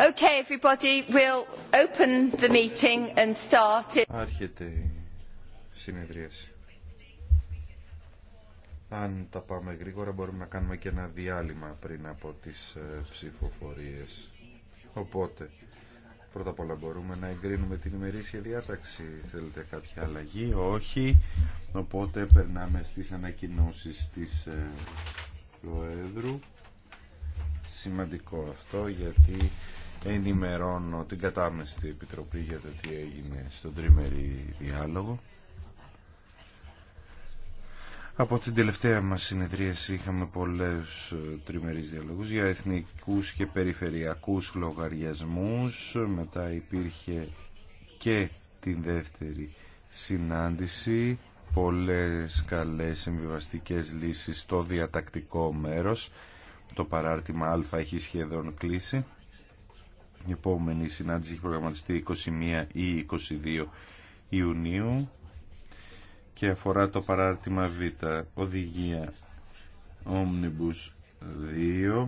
Okay, everybody, we'll open the meeting and start it. Άρχεται η συνεδρίαση. Αν τα πάμε γρήγορα μπορούμε να κάνουμε και ένα διάλειμμα πριν από τις ε, ψηφοφορίες. Οπότε, πρώτα απ' όλα μπορούμε να εγκρίνουμε την ημερήσια διάταξη. Θέλετε κάποια αλλαγή, όχι. Οπότε περνάμε στις ανακοινώσεις της ε, Προέδρου σημαντικό αυτό γιατί ενημερώνω την κατάμεστη επιτροπή για το τι έγινε στον τριμερή διάλογο. Από την τελευταία μας συνεδρίαση είχαμε πολλές ε, τριμερείς διαλόγους για εθνικούς και περιφερειακούς λογαριασμούς. Μετά υπήρχε και την δεύτερη συνάντηση. Πολλές καλές συμβιβαστικές λύσεις στο διατακτικό μέρος. Το παράρτημα Α έχει σχεδόν κλείσει. Η επόμενη συνάντηση έχει προγραμματιστεί 21 ή 22 Ιουνίου και αφορά το παράρτημα Β, οδηγία Omnibus 2.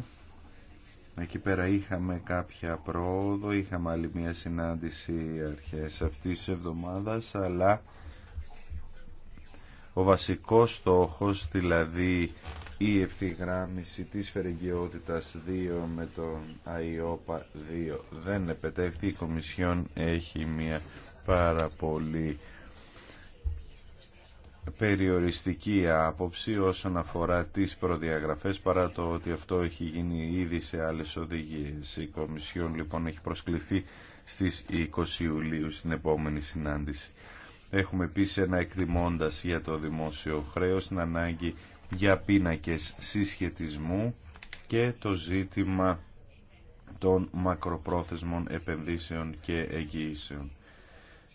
Εκεί πέρα είχαμε κάποια πρόοδο, είχαμε άλλη μια συνάντηση αρχές αυτής της εβδομάδας, αλλά ο βασικός στόχος, δηλαδή η ευθυγράμμιση της φερεγγιότητας 2 με τον ΑΙΟΠΑ 2 δεν επετεύχθη. Η Κομισιόν έχει μια πάρα πολύ περιοριστική άποψη όσον αφορά τις προδιαγραφές παρά το ότι αυτό έχει γίνει ήδη σε άλλες οδηγίες. Η Κομισιόν λοιπόν έχει προσκληθεί στις 20 Ιουλίου στην επόμενη συνάντηση. Έχουμε επίσης ένα εκτιμώντας για το δημόσιο χρέος, την ανάγκη για πίνακες συσχετισμού και το ζήτημα των μακροπρόθεσμων επενδύσεων και εγγυήσεων.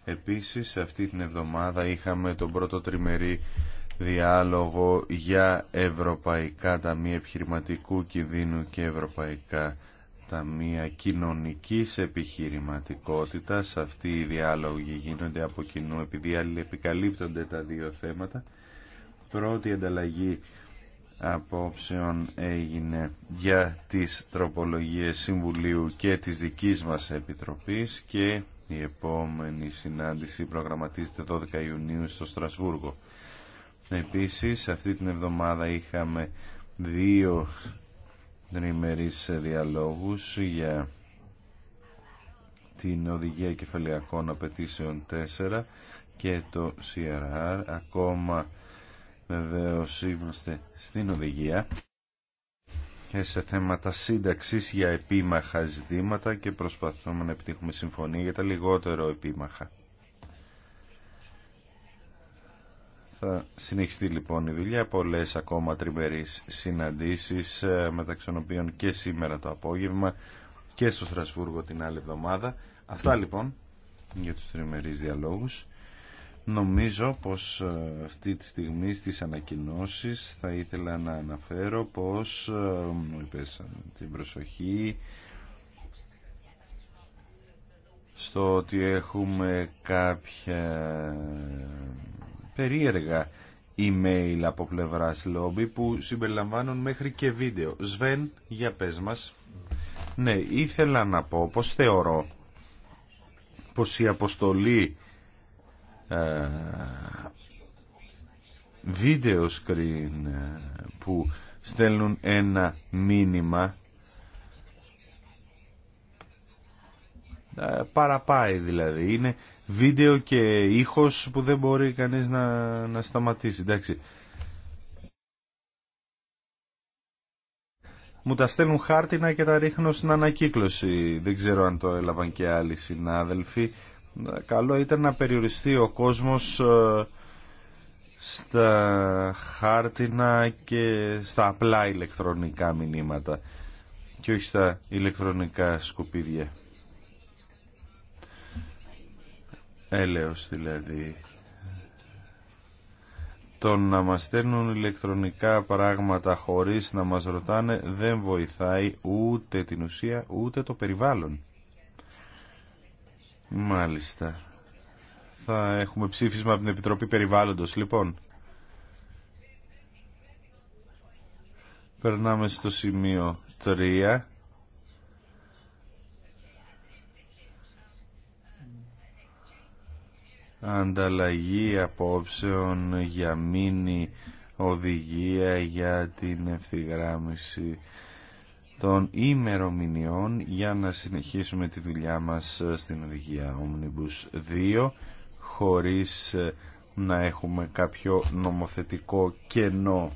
Επίσης, αυτή την εβδομάδα είχαμε τον πρώτο τριμερή διάλογο για Ευρωπαϊκά Ταμεία Επιχειρηματικού Κινδύνου και Ευρωπαϊκά Ταμεία Κοινωνικής Επιχειρηματικότητας. Αυτοί οι διάλογοι γίνονται από κοινού επειδή άλλοι επικαλύπτονται τα δύο θέματα πρώτη ανταλλαγή απόψεων έγινε για τις τροπολογίες Συμβουλίου και της δικής μας Επιτροπής και η επόμενη συνάντηση προγραμματίζεται 12 Ιουνίου στο Στρασβούργο. Επίσης, αυτή την εβδομάδα είχαμε δύο τριμερείς διαλόγους για την Οδηγία Κεφαλαιακών Απαιτήσεων 4 και το CRR. Ακόμα Βεβαίω είμαστε στην οδηγία και σε θέματα σύνταξης για επίμαχα ζητήματα και προσπαθούμε να επιτύχουμε συμφωνία για τα λιγότερο επίμαχα. Θα συνεχιστεί λοιπόν η δουλειά, πολλές ακόμα τριμερείς συναντήσεις ε, μεταξύ των οποίων και σήμερα το απόγευμα και στο Στρασβούργο την άλλη εβδομάδα. Αυτά λοιπόν για τους τριμερείς διαλόγους. Νομίζω πως ε, αυτή τη στιγμή στις ανακοινώσεις θα ήθελα να αναφέρω πως ε, μου είπες ε, την προσοχή στο ότι έχουμε κάποια περίεργα email από πλευράς λόμπι που συμπεριλαμβάνουν μέχρι και βίντεο. Σβέν, για πες μας. Ναι, ήθελα να πω πως θεωρώ πως η αποστολή ε, βίντεο σκριν ε, που στέλνουν ένα μήνυμα ε, παραπάει δηλαδή είναι βίντεο και ήχος που δεν μπορεί κανείς να, να σταματήσει εντάξει μου τα στέλνουν χάρτινα και τα ρίχνω στην ανακύκλωση δεν ξέρω αν το έλαβαν και άλλοι συνάδελφοι καλό ήταν να περιοριστεί ο κόσμος ε, στα χάρτινα και στα απλά ηλεκτρονικά μηνύματα και όχι στα ηλεκτρονικά σκουπίδια. Έλεος δηλαδή. Το να μας στέλνουν ηλεκτρονικά πράγματα χωρίς να μας ρωτάνε δεν βοηθάει ούτε την ουσία ούτε το περιβάλλον. Μάλιστα. Θα έχουμε ψήφισμα από την Επιτροπή Περιβάλλοντος, λοιπόν. Περνάμε στο σημείο 3. Ανταλλαγή απόψεων για μήνυ οδηγία για την ευθυγράμμιση των ημερομηνιών για να συνεχίσουμε τη δουλειά μας ε, στην οδηγία Omnibus 2 χωρίς ε, να έχουμε κάποιο νομοθετικό κενό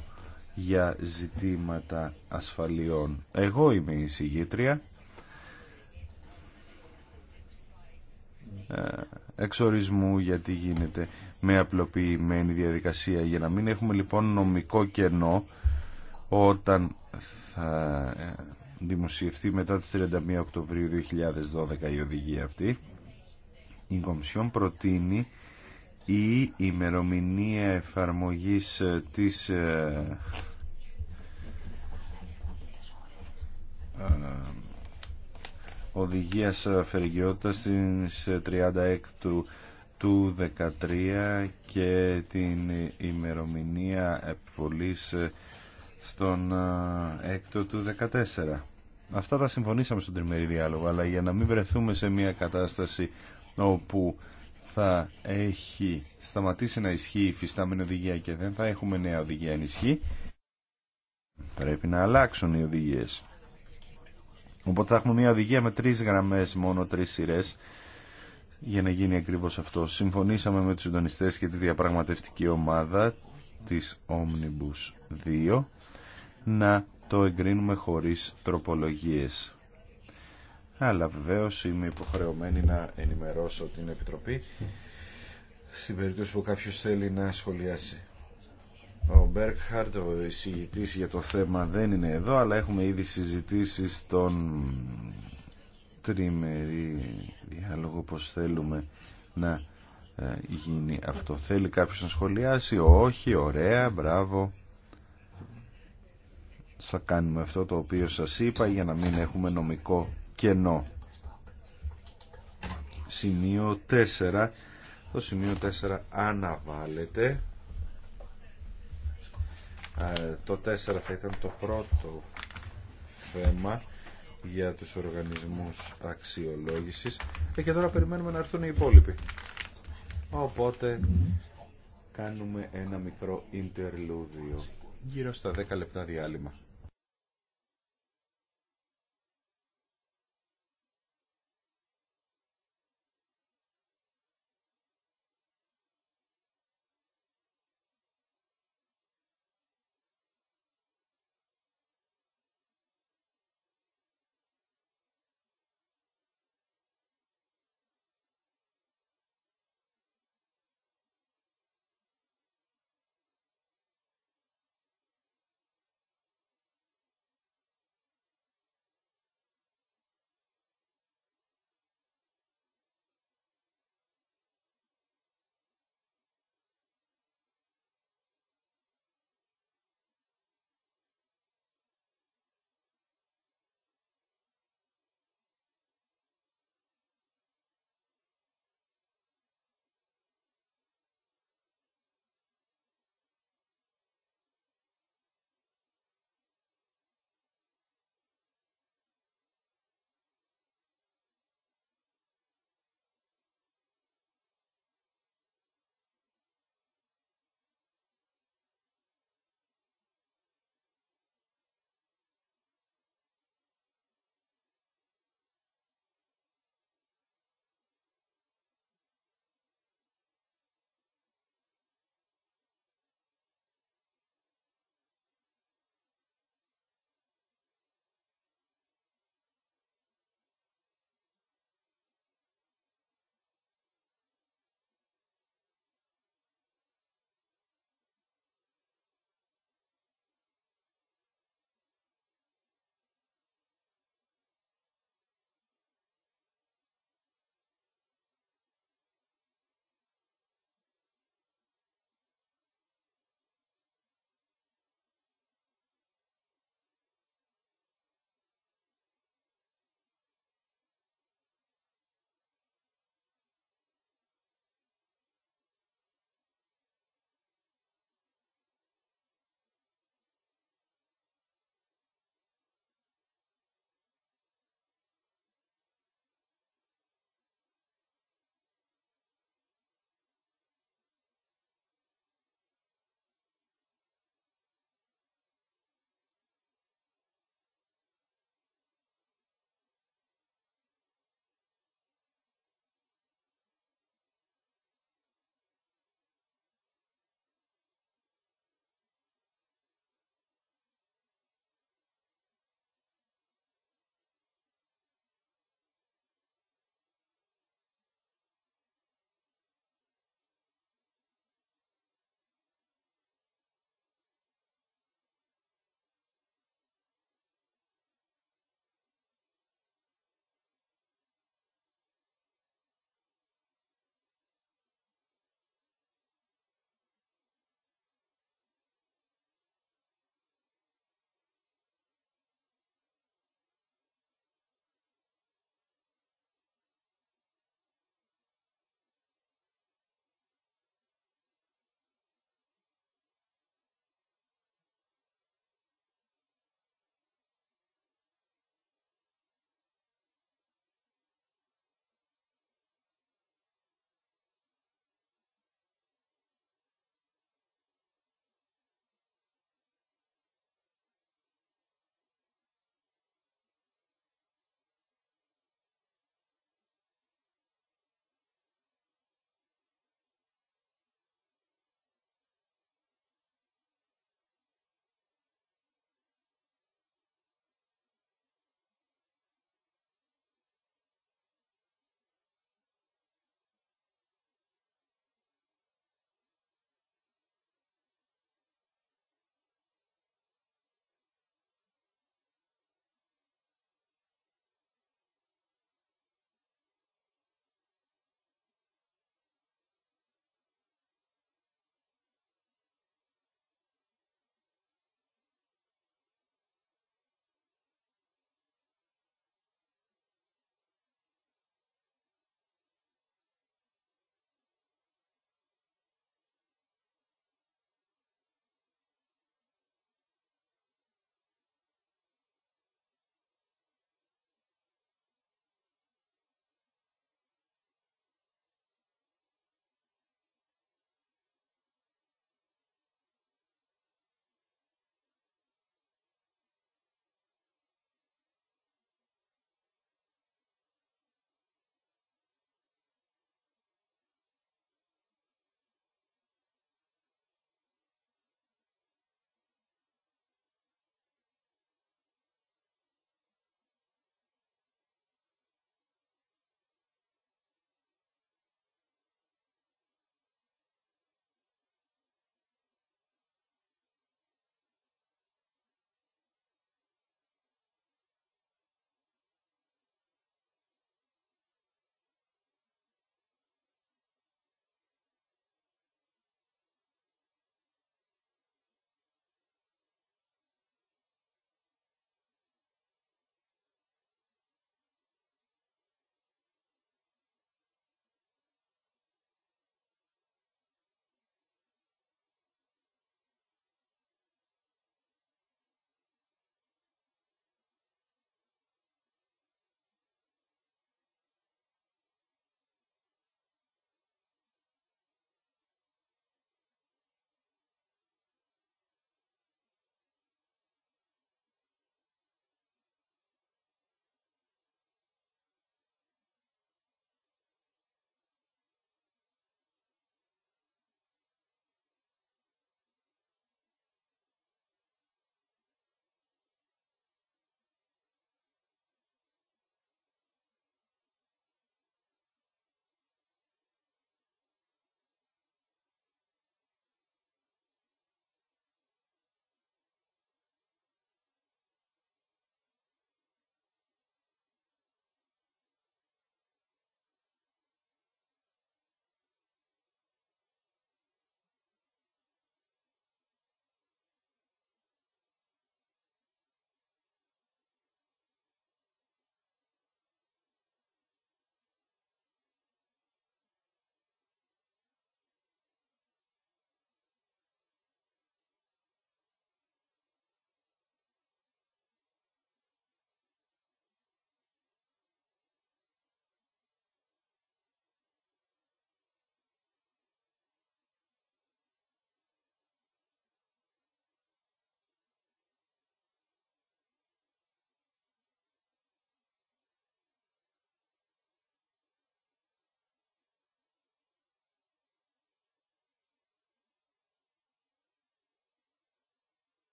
για ζητήματα ασφαλιών. Εγώ είμαι η συγγήτρια. Ε, εξορισμού γιατί γίνεται με απλοποιημένη διαδικασία για να μην έχουμε λοιπόν νομικό κενό όταν θα ε, δημοσιευτεί μετά τις 31 Οκτωβρίου 2012 η οδηγία αυτή η Κομισιόν προτείνει η ημερομηνία εφαρμογής ε, της ε, οδηγίας φερικιότητας στις 36 του του 13 και την ημερομηνία επιβολής στον ε, έκτο του 14. Αυτά τα συμφωνήσαμε στον τριμερή διάλογο, αλλά για να μην βρεθούμε σε μια κατάσταση όπου θα έχει σταματήσει να ισχύει η φυστάμενη οδηγία και δεν θα έχουμε νέα οδηγία ενισχύ, πρέπει να αλλάξουν οι οδηγίες. Οπότε θα έχουμε μια οδηγία με τρεις γραμμές μόνο, τρεις σειρές, για να γίνει ακριβώς αυτό. Συμφωνήσαμε με τους συντονιστές και τη διαπραγματευτική ομάδα της Omnibus 2 να το εγκρίνουμε χωρίς τροπολογίες. Αλλά βεβαίως είμαι υποχρεωμένη να ενημερώσω την Επιτροπή στην περίπτωση που κάποιος θέλει να σχολιάσει. Ο Μπέρκχαρτ, ο εισηγητής για το θέμα δεν είναι εδώ, αλλά έχουμε ήδη συζητήσει στον τριμερή διάλογο πως θέλουμε να ε, γίνει αυτό. Θέλει κάποιος να σχολιάσει, όχι, ωραία, μπράβο θα κάνουμε αυτό το οποίο σας είπα για να μην έχουμε νομικό κενό. Σημείο 4. Το σημείο 4 αναβάλλεται. Το 4 θα ήταν το πρώτο θέμα για τους οργανισμούς αξιολόγησης ε, και τώρα περιμένουμε να έρθουν οι υπόλοιποι. Οπότε κάνουμε ένα μικρό interlúdio, γύρω στα 10 λεπτά διάλειμμα.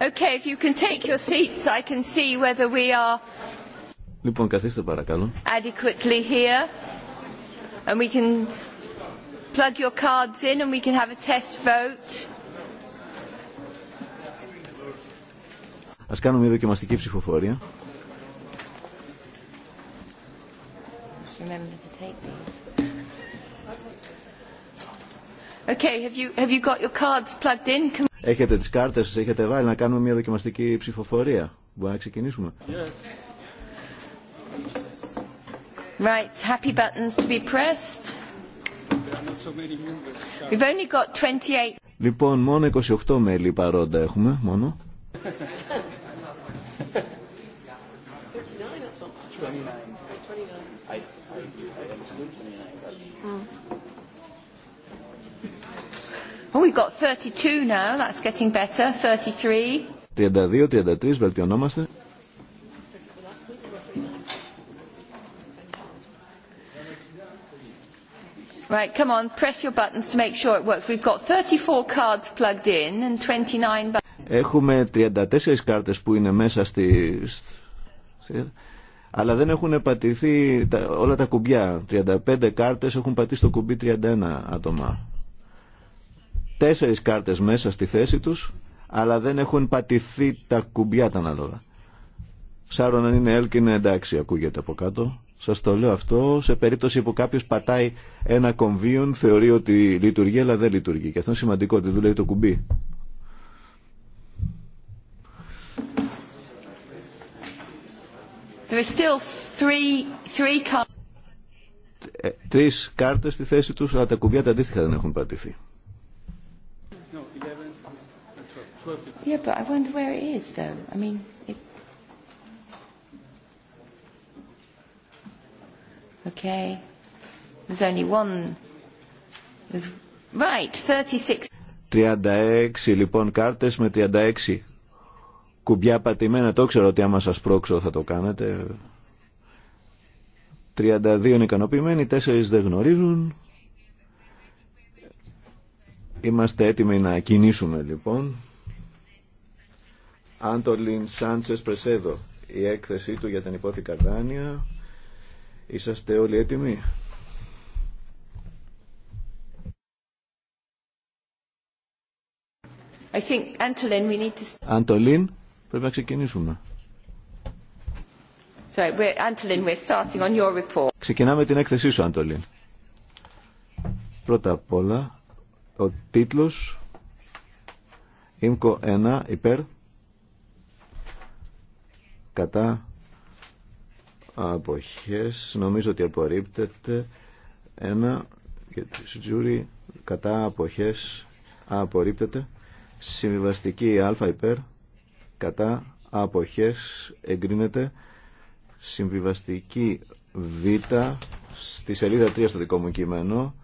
Okay, if you can take your seats, I can see whether we are. Λοιπόν, καθίστε Adequately here, and we can plug your cards in, and we can have a test vote. Ας κάνουμε μια δοκιμαστική ψηφοφορία. Okay, have you have you got your cards plugged in? Έχετε τις κάρτες, έχετε βάλει να κάνουμε μια δοκιμαστική ψηφοφορία. Μπορούμε να ξεκινήσουμε. Right, happy buttons to be pressed. We've only got 28. Λοιπόν, μόνο 28 μέλη παρόντα έχουμε, μόνο. Oh, we've got 32 now. That's getting better. 33. 32-33 βελτιωνόμαστε. Right, come on, press your buttons to make sure it works. We've got 34 cards plugged in and 29 Έχουμε 34 κάρτες που είναι μέσα στη... Αλλά δεν έχουν πατηθεί όλα τα κουμπιά. 35 κάρτες έχουν πατήσει το κουμπί 31 άτομα τέσσερις κάρτες μέσα στη θέση τους, αλλά δεν έχουν πατηθεί τα κουμπιά τα ανάλογα. Σάρων αν είναι έλκυ είναι εντάξει, ακούγεται από κάτω. Σας το λέω αυτό σε περίπτωση που κάποιος πατάει ένα κομβίον, θεωρεί ότι λειτουργεί, αλλά δεν λειτουργεί. Και αυτό είναι σημαντικό, ότι δουλεύει το κουμπί. There are still three, three... Ε, τρεις κάρτες στη θέση τους, αλλά τα κουμπιά τα αντίστοιχα δεν έχουν πατηθεί. Yeah, but I wonder where it is, though. I mean, it... okay. There's only one. There's... Right, 36. 36 λοιπόν κάρτες με 36 κουμπιά πατημένα. Το ξέρω ότι άμα σας πρόξω θα το κάνετε. 32 είναι ικανοποιημένοι, 4 δεν γνωρίζουν. Είμαστε έτοιμοι να κινήσουμε λοιπόν. Άντολιν Σάντσες Πρεσέδο η έκθεσή του για την υπόθηκα δάνεια είσαστε όλοι έτοιμοι Αντολίν πρέπει να ξεκινήσουμε Ξεκινάμε την έκθεσή σου Αντολίν Πρώτα απ' όλα ο τίτλος ΙΜΚΟ 1 υπέρ κατά αποχές νομίζω ότι απορρίπτεται ένα για τη Τζούρι κατά αποχές απορρίπτεται συμβιβαστική α υπέρ κατά αποχές εγκρίνεται συμβιβαστική β στη σελίδα 3 στο δικό μου κείμενο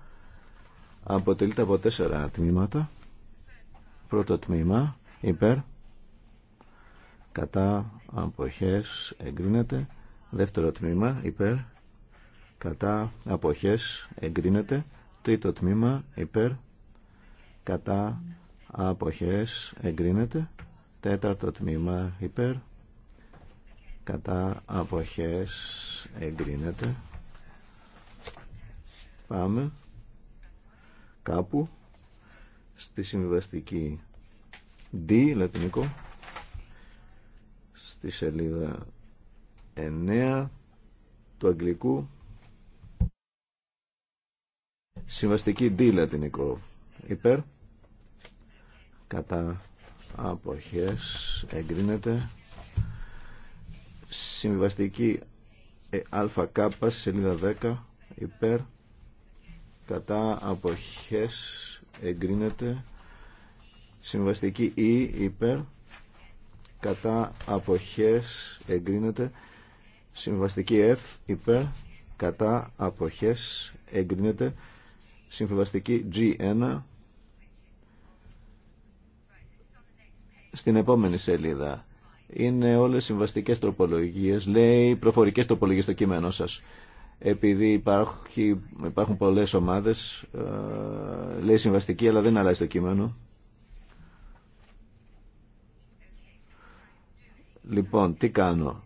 αποτελείται από τέσσερα τμήματα πρώτο τμήμα υπέρ κατά αποχές εγκρίνεται δεύτερο τμήμα υπέρ κατά αποχές εγκρίνεται τρίτο τμήμα υπέρ κατά αποχές εγκρίνεται τέταρτο τμήμα υπέρ κατά αποχές εγκρίνεται πάμε κάπου στη συμβιβαστική D λατινικό στη σελίδα 9 του αγγλικού συμβαστική D λατινικό υπέρ κατά αποχές εγκρίνεται συμβαστική αλφα ε, ΑΚ στη σελίδα 10 υπέρ κατά αποχές εγκρίνεται συμβαστική E υπέρ κατά αποχές εγκρίνεται συμβαστική F υπέρ κατά αποχές εγκρίνεται συμβαστική G1 στην επόμενη σελίδα είναι όλες συμβαστικές τροπολογίες λέει προφορικές τροπολογίες στο κείμενό σας επειδή υπάρχουν πολλές ομάδες ε, λέει συμβαστική αλλά δεν αλλάζει το κείμενο Λοιπόν, τι κάνω.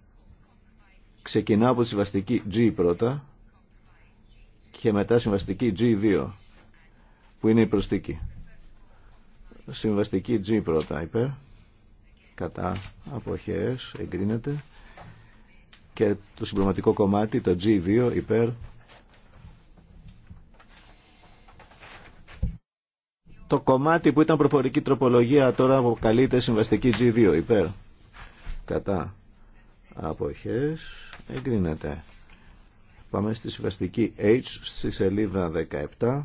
Ξεκινάω από τη συμβαστική G πρώτα και μετά συμβαστική G2 που είναι η προστίκη. Συμβαστική G πρώτα υπέρ κατά αποχές εγκρίνεται και το συμπληρωματικό κομμάτι το G2 υπέρ το κομμάτι που ήταν προφορική τροπολογία τώρα αποκαλείται συμβαστική G2 υπέρ κατά αποχές εγκρίνεται πάμε στη συμβαστική H στη σελίδα 17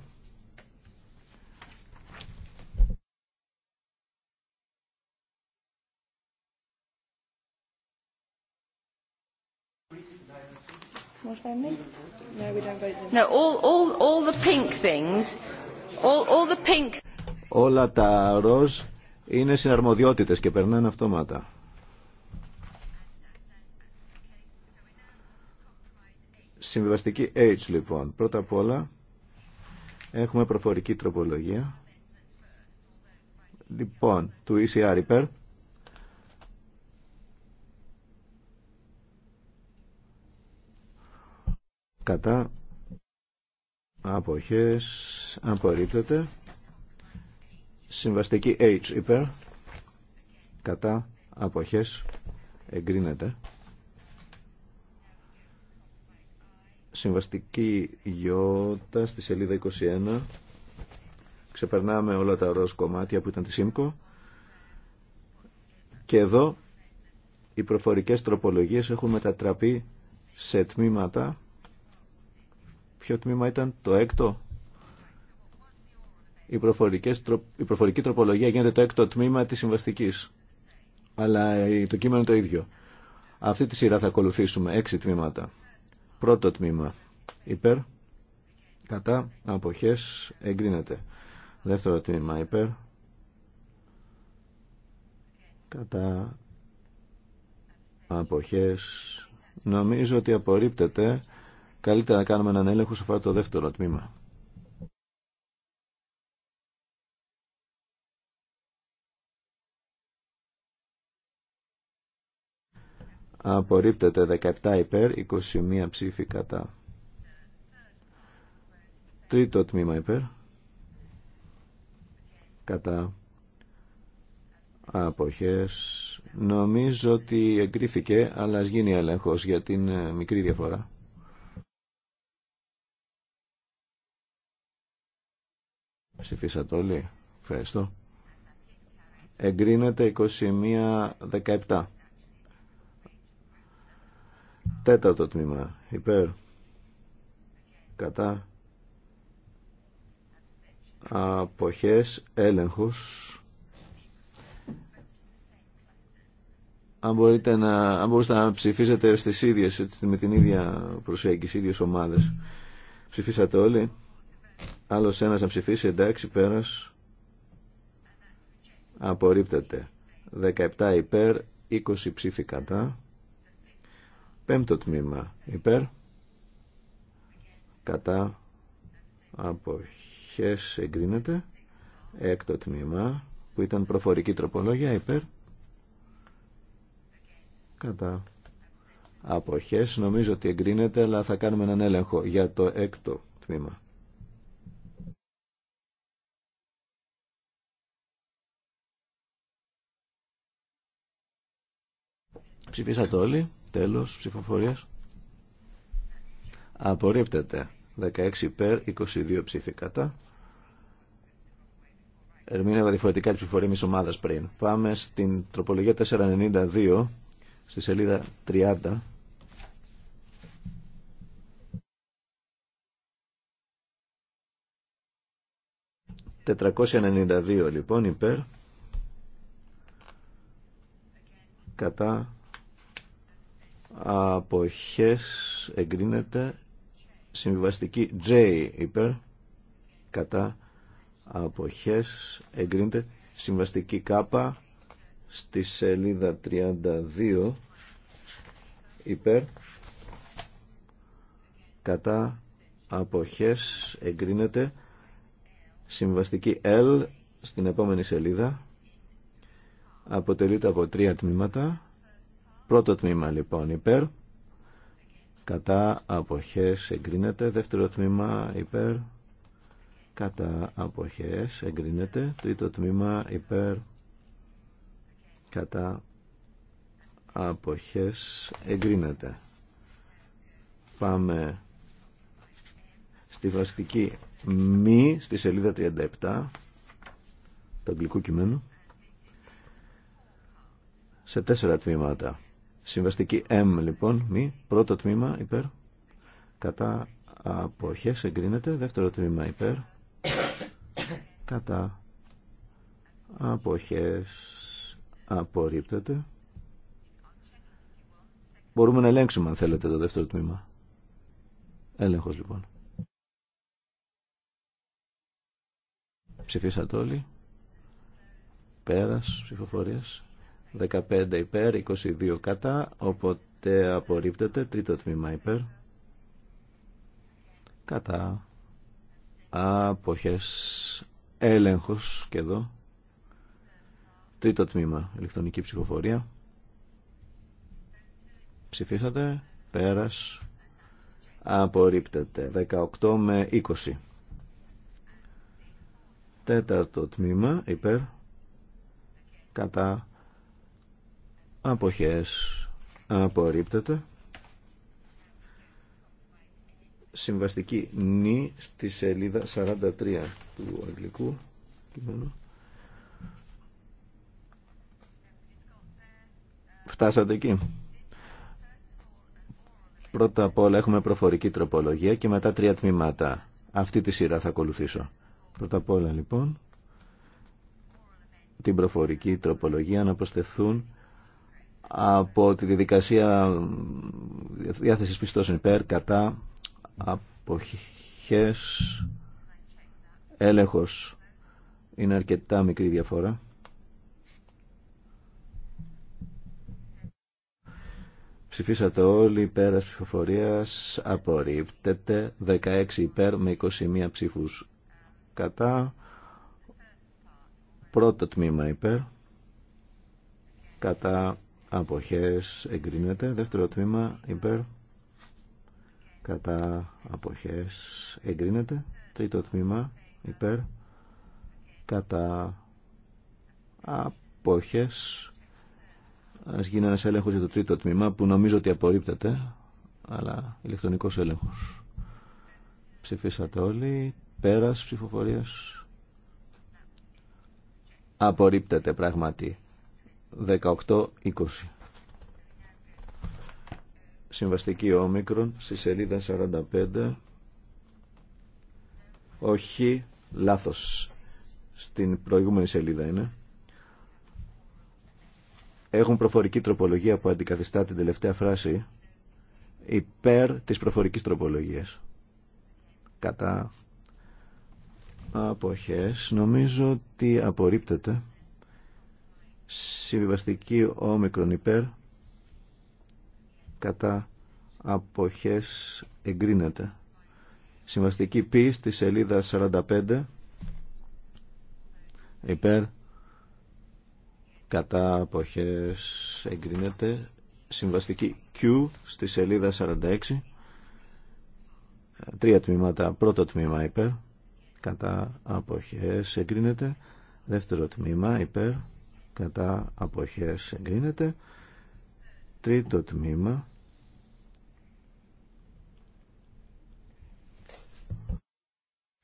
Όλα τα ροζ είναι συναρμοδιότητες και περνάνε αυτόματα. Συμβιβαστική H λοιπόν. Πρώτα απ' όλα έχουμε προφορική τροπολογία. Λοιπόν, του ECR υπέρ. Κατά αποχές απορρίπτεται. Συμβαστική H υπέρ. Κατά αποχές εγκρίνεται. Συμβαστική γιώτα στη σελίδα 21. Ξεπερνάμε όλα τα ροζ κομμάτια που ήταν τη ΣΥΜΚΟ. Και εδώ οι προφορικές τροπολογίες έχουν μετατραπεί σε τμήματα. Ποιο τμήμα ήταν το έκτο. Η, η προφορική τροπολογία γίνεται το έκτο τμήμα της συμβαστικής. Αλλά το κείμενο είναι το ίδιο. Αυτή τη σειρά θα ακολουθήσουμε έξι τμήματα. Πρώτο τμήμα υπέρ, κατά, αποχές, εγκρίνεται. Δεύτερο τμήμα υπέρ, κατά, αποχές, νομίζω ότι απορρίπτεται. Καλύτερα να κάνουμε έναν έλεγχο σε αυτό το δεύτερο τμήμα. απορρίπτεται 17 υπέρ 21 ψήφι κατά τρίτο τμήμα υπέρ κατά αποχές νομίζω ότι εγκρίθηκε αλλά ας γίνει έλεγχος για την ε, μικρή διαφορά ψηφίσατε όλοι ευχαριστώ εγκρίνεται 21-17 Τέταρτο τμήμα. Υπέρ. Κατά. Αποχές. Έλεγχος. Αν, μπορείτε να, αν μπορούσατε να ψηφίσετε στις ίδιες, με την ίδια προσέγγιση, ίδιες ομάδες. Ψηφίσατε όλοι. Άλλος ένας να ψηφίσει. Εντάξει, πέρας. Απορρίπτεται. 17 υπέρ, 20 ψήφοι κατά. Πέμπτο τμήμα υπέρ κατά αποχές εγκρίνεται. Έκτο τμήμα που ήταν προφορική τροπολόγια υπέρ κατά αποχές. Νομίζω ότι εγκρίνεται αλλά θα κάνουμε έναν έλεγχο για το έκτο τμήμα. Ψηφίσατε όλοι. Τέλος ψηφοφορίας. Απορρίπτεται. 16 υπέρ, 22 ψήφοι κατά. Ερμήνευα διαφορετικά τη ψηφοφορία μιας ομάδας πριν. Πάμε στην τροπολογία 492, στη σελίδα 30. ...492 λοιπόν υπέρ... ...κατά αποχές εγκρίνεται συμβιβαστική J υπέρ κατά αποχές εγκρίνεται συμβαστική K στη σελίδα 32 υπέρ κατά αποχές εγκρίνεται συμβαστική L στην επόμενη σελίδα αποτελείται από τρία τμήματα Πρώτο τμήμα λοιπόν υπέρ, κατά αποχές εγκρίνεται. Δεύτερο τμήμα υπέρ, κατά αποχές εγκρίνεται. Τρίτο τμήμα υπέρ, κατά αποχές εγκρίνεται. Πάμε στη βαστική μη στη σελίδα 37 το αγγλικού κειμένου σε τέσσερα τμήματα. Συμβαστική M λοιπόν, μη, πρώτο τμήμα υπέρ, κατά αποχές εγκρίνεται, δεύτερο τμήμα υπέρ, κατά αποχές απορρίπτεται. Μπορούμε να ελέγξουμε αν θέλετε το δεύτερο τμήμα. Έλεγχος λοιπόν. Ψηφίσατε όλοι. Πέρας ψηφοφορίας. 15 υπέρ, 22 κατά, οπότε απορρίπτεται τρίτο τμήμα υπέρ. Κατά. Αποχές. Έλεγχος και εδώ. Τρίτο τμήμα, ηλεκτρονική ψηφοφορία. Ψηφίσατε. Πέρας. Απορρίπτεται. 18 με 20. Τέταρτο τμήμα υπέρ. Κατά αποχές απορρίπτεται συμβαστική νη στη σελίδα 43 του αγγλικού κειμένου φτάσατε εκεί πρώτα απ' όλα έχουμε προφορική τροπολογία και μετά τρία τμήματα αυτή τη σειρά θα ακολουθήσω πρώτα απ' όλα λοιπόν την προφορική τροπολογία να προσθεθούν από τη διαδικασία διάθεσης πιστώσεων υπέρ, κατά, αποχές, έλεγχος. Είναι αρκετά μικρή διαφορά. Ψηφίσατε όλοι πέρα ψηφοφορίας, απορρίπτεται 16 υπέρ με 21 ψήφους κατά, πρώτο τμήμα υπέρ, κατά αποχές εγκρίνεται δεύτερο τμήμα υπέρ κατά αποχές εγκρίνεται τρίτο τμήμα υπέρ κατά αποχές ας γίνει ένας έλεγχος για το τρίτο τμήμα που νομίζω ότι απορρίπτεται αλλά ηλεκτρονικός έλεγχος ψηφίσατε όλοι πέρας ψηφοφορίας απορρίπτεται πραγματικά. 18-20. Συμβαστική όμικρον στη σελίδα 45. Όχι, λάθος. Στην προηγούμενη σελίδα είναι. Έχουν προφορική τροπολογία που αντικαθιστά την τελευταία φράση υπέρ της προφορικής τροπολογίας. Κατά αποχές νομίζω ότι απορρίπτεται. Συμβιβαστική όμικρον υπέρ κατά αποχές εγκρίνεται. Συμβαστική π στη σελίδα 45 υπέρ κατά αποχές εγκρίνεται. Συμβαστική Q στη σελίδα 46 τρία τμήματα. Πρώτο τμήμα υπέρ κατά αποχές εγκρίνεται. Δεύτερο τμήμα υπέρ κατά αποχές εγκρίνεται τρίτο τμήμα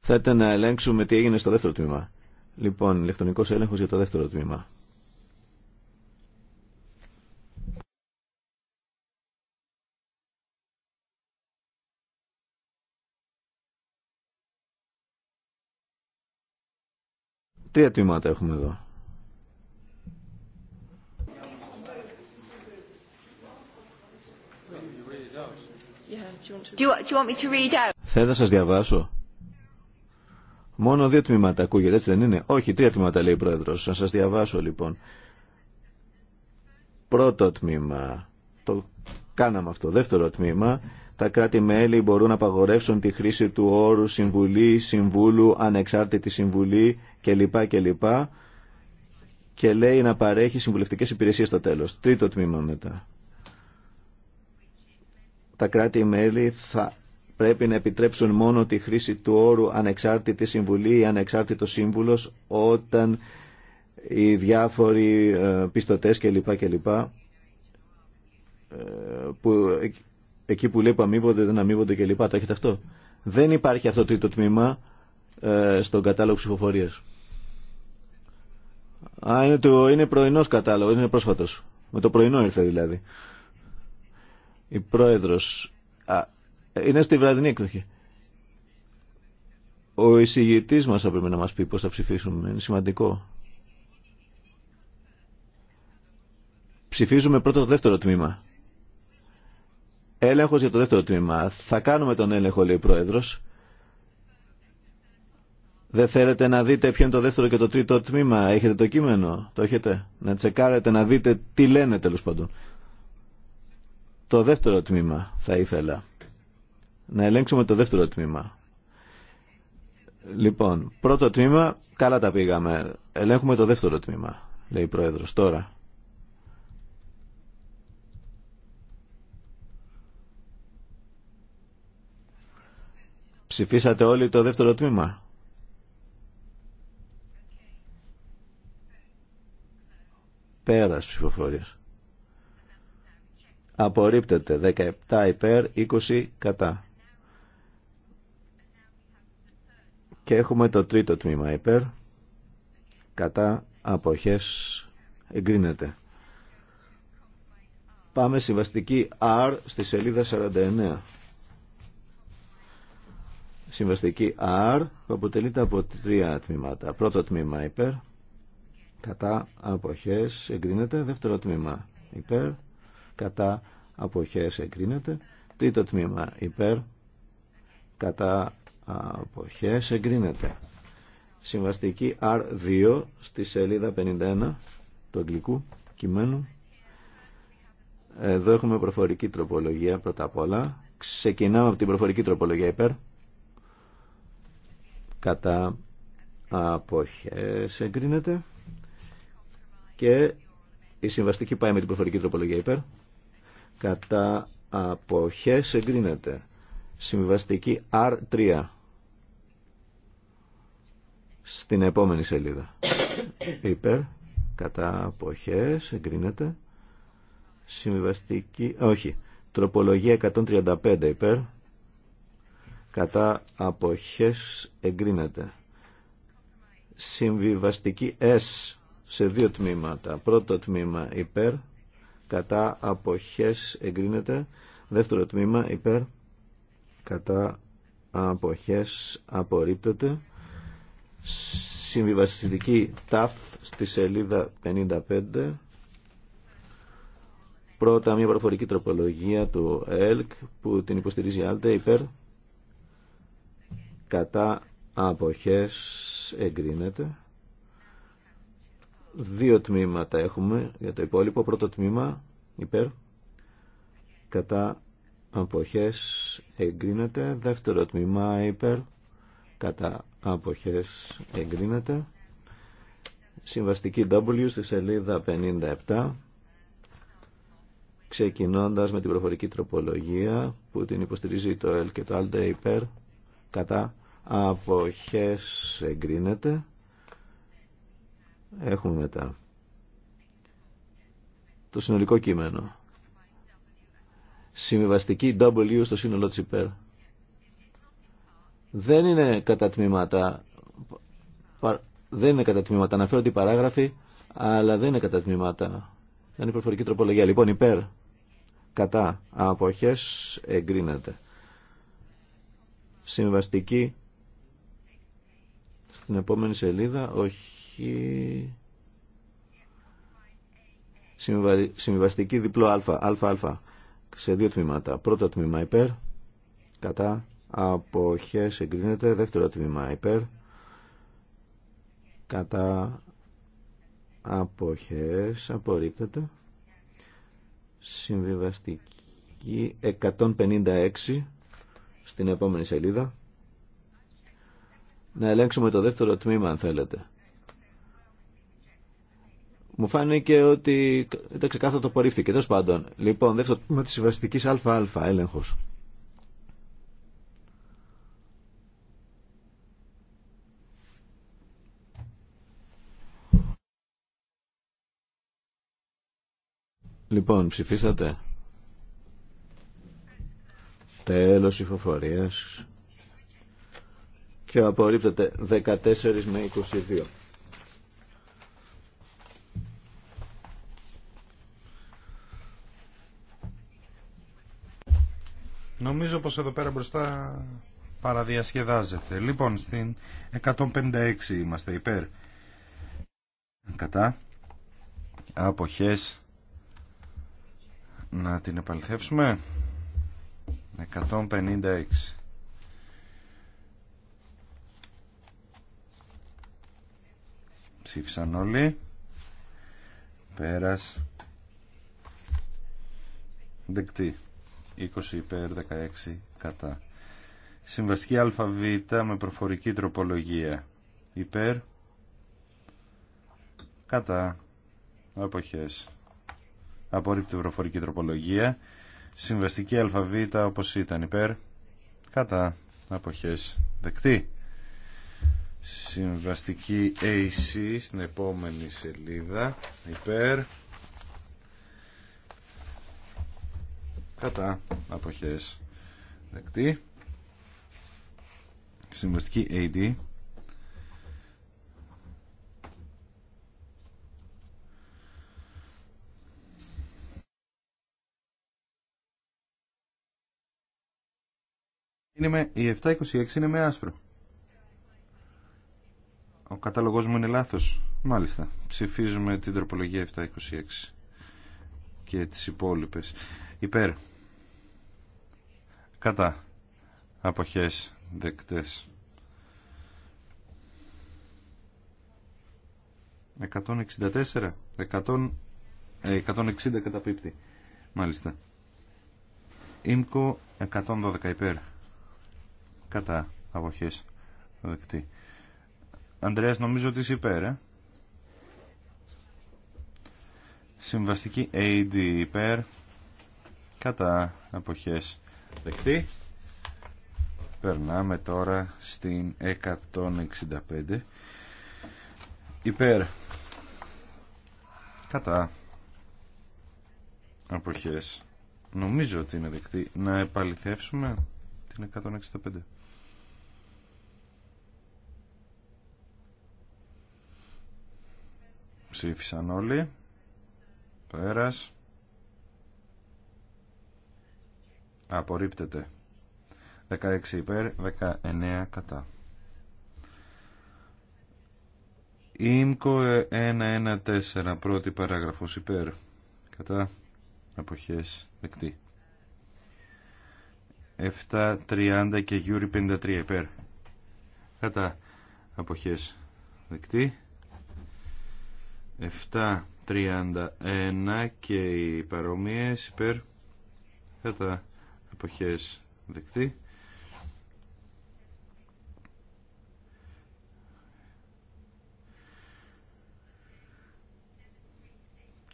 θα ήταν να ελέγξουμε τι έγινε στο δεύτερο τμήμα λοιπόν ηλεκτρονικός έλεγχος για το δεύτερο τμήμα Τρία τμήματα έχουμε εδώ. Θέλω να σας διαβάσω. Μόνο δύο τμήματα ακούγεται, έτσι δεν είναι. Όχι, τρία τμήματα λέει η Πρόεδρος. Να σας διαβάσω λοιπόν. Πρώτο τμήμα, το κάναμε αυτό. Δεύτερο τμήμα, τα κράτη-μέλη μπορούν να απαγορεύσουν τη χρήση του όρου συμβουλή, συμβούλου, ανεξάρτητη συμβουλή κλπ. κλπ. Και λέει να παρέχει συμβουλευτικές υπηρεσίες στο τέλος. Τρίτο τμήμα μετά τα κράτη-μέλη θα πρέπει να επιτρέψουν μόνο τη χρήση του όρου ανεξάρτητη συμβουλή ή ανεξάρτητο σύμβουλο όταν οι διάφοροι ε, πιστωτές κλπ. κλπ ε, που, εκεί που λέει που αμείβονται δεν αμείβονται κλπ. Το έχετε αυτό. Δεν υπάρχει αυτό το τρίτο τμήμα ε, στον κατάλογο ψηφοφορία. Α, είναι, το, είναι πρωινός κατάλογος, είναι πρόσφατος. Με το πρωινό ήρθε δηλαδή η πρόεδρος. Α, είναι στη βραδινή εκδοχή. Ο εισηγητής μας θα πρέπει να μας πει πώς θα ψηφίσουμε. Είναι σημαντικό. Ψηφίζουμε πρώτο το δεύτερο τμήμα. Έλεγχος για το δεύτερο τμήμα. Θα κάνουμε τον έλεγχο, λέει ο πρόεδρος. Δεν θέλετε να δείτε ποιο είναι το δεύτερο και το τρίτο τμήμα. Έχετε το κείμενο. Το έχετε. Να τσεκάρετε, να δείτε τι λένε τέλος πάντων. Το δεύτερο τμήμα θα ήθελα. Να ελέγξουμε το δεύτερο τμήμα. Λοιπόν, πρώτο τμήμα, καλά τα πήγαμε. Ελέγχουμε το δεύτερο τμήμα, λέει η Πρόεδρος τώρα. Ψηφίσατε όλοι το δεύτερο τμήμα. Πέρας ψηφοφορίας απορρίπτεται 17 υπέρ 20 κατά και έχουμε το τρίτο τμήμα υπέρ κατά αποχές εγκρίνεται πάμε συμβαστική R στη σελίδα 49 συμβαστική R που αποτελείται από τρία τμήματα πρώτο τμήμα υπέρ κατά αποχές εγκρίνεται δεύτερο τμήμα υπέρ κατά αποχές εγκρίνεται τρίτο τμήμα υπέρ κατά αποχές εγκρίνεται συμβαστική R2 στη σελίδα 51 του αγγλικού κειμένου εδώ έχουμε προφορική τροπολογία πρώτα απ' όλα ξεκινάμε από την προφορική τροπολογία υπέρ κατά αποχές εγκρίνεται και η συμβαστική πάει με την προφορική τροπολογία υπέρ κατά αποχές εγκρίνεται. Συμβαστική R3 στην επόμενη σελίδα. Υπέρ, κατά αποχές εγκρίνεται. Συμβαστική, όχι, τροπολογία 135 υπέρ, κατά αποχές εγκρίνεται. Συμβιβαστική S σε δύο τμήματα. Πρώτο τμήμα υπέρ, κατά αποχές εγκρίνεται δεύτερο τμήμα υπέρ κατά αποχές απορρίπτεται συμβιβαστική ΤΑΦ στη σελίδα 55 πρώτα μια προφορική τροπολογία του ΕΛΚ που την υποστηρίζει άλτε υπέρ κατά αποχές εγκρίνεται Δύο τμήματα έχουμε για το υπόλοιπο. Πρώτο τμήμα υπέρ κατά αποχές εγκρίνεται. Δεύτερο τμήμα υπέρ κατά αποχές εγκρίνεται. Συμβαστική W στη σελίδα 57 ξεκινώντας με την προφορική τροπολογία που την υποστηρίζει το L και το ΑΛΤΕ υπέρ κατά αποχές εγκρίνεται Έχουμε μετά το συνολικό κείμενο. Συμβιβαστική W στο σύνολό της υπέρ. Δεν είναι κατά τμήματα, δεν είναι κατά τμήματα. Αναφέρονται την παράγραφοι, αλλά δεν είναι κατά τμήματα. Δεν είναι προφορική τροπολογία. Λοιπόν, υπέρ, κατά, αποχές, εγκρίνεται. Συμβαστική, στην επόμενη σελίδα, όχι Συμβιβαστική διπλό α, αλφα α, σε δύο τμήματα. Πρώτο τμήμα υπέρ, κατά, αποχές εγκρίνεται. Δεύτερο τμήμα υπέρ, κατά, αποχές απορρίπτεται. Συμβιβαστική 156 στην επόμενη σελίδα. Να ελέγξουμε το δεύτερο τμήμα αν θέλετε. Μου φάνηκε ότι τα κάθε το απορρίφθηκε. Τέλο πάντων. Λοιπόν, δεύτερο τμήμα τη συμβαστική ΑΑ, έλεγχο. Λοιπόν, ψηφίσατε. Τέλος ψηφοφορίας. Και απορρίπτεται 14 με 22. Νομίζω πως εδώ πέρα μπροστά παραδιασκεδάζεται. Λοιπόν, στην 156 είμαστε υπέρ. Κατά. Αποχές. Να την επαληθεύσουμε. 156. Ψήφισαν όλοι. Πέρας. Δεκτή. 20 υπέρ 16 κατά. Συμβαστική ΑΒ με προφορική τροπολογία. Υπέρ κατά εποχές. Απορρίπτει προφορική τροπολογία. Συμβαστική ΑΒ όπως ήταν υπέρ κατά εποχές. Δεκτή. Συμβαστική AC στην επόμενη σελίδα. Υπέρ κατά αποχές δεκτή συμβαστική AD Είναι με, η 726 είναι με άσπρο. Ο κατάλογος μου είναι λάθος. Μάλιστα. Ψηφίζουμε την τροπολογία 726 και τις υπόλοιπες. Υπέρ κατά αποχές δεκτές 164 100, 160 καταπίπτει μάλιστα ΙΜΚΟ 112 υπέρ κατά αποχές δεκτή Ανδρέας νομίζω ότι είσαι υπέρ ε. Συμβαστική AD υπέρ κατά αποχές Δεκτή. Περνάμε τώρα στην 165. Υπέρ. Κατά. Αποχές. Νομίζω ότι είναι δεκτή. Να επαληθεύσουμε την 165. Ψήφισαν όλοι. Πέρας. Απορρίπτεται. 16 υπέρ, 19 κατά. Ήμκο 114, ε, πρώτη παράγραφος υπέρ. Κατά αποχές δεκτή. 7.30 και γιούρι 53 υπέρ. Κατά αποχές δεκτή. 7.31 και οι παρομοίες υπέρ. Κατά αποχές δεκτή.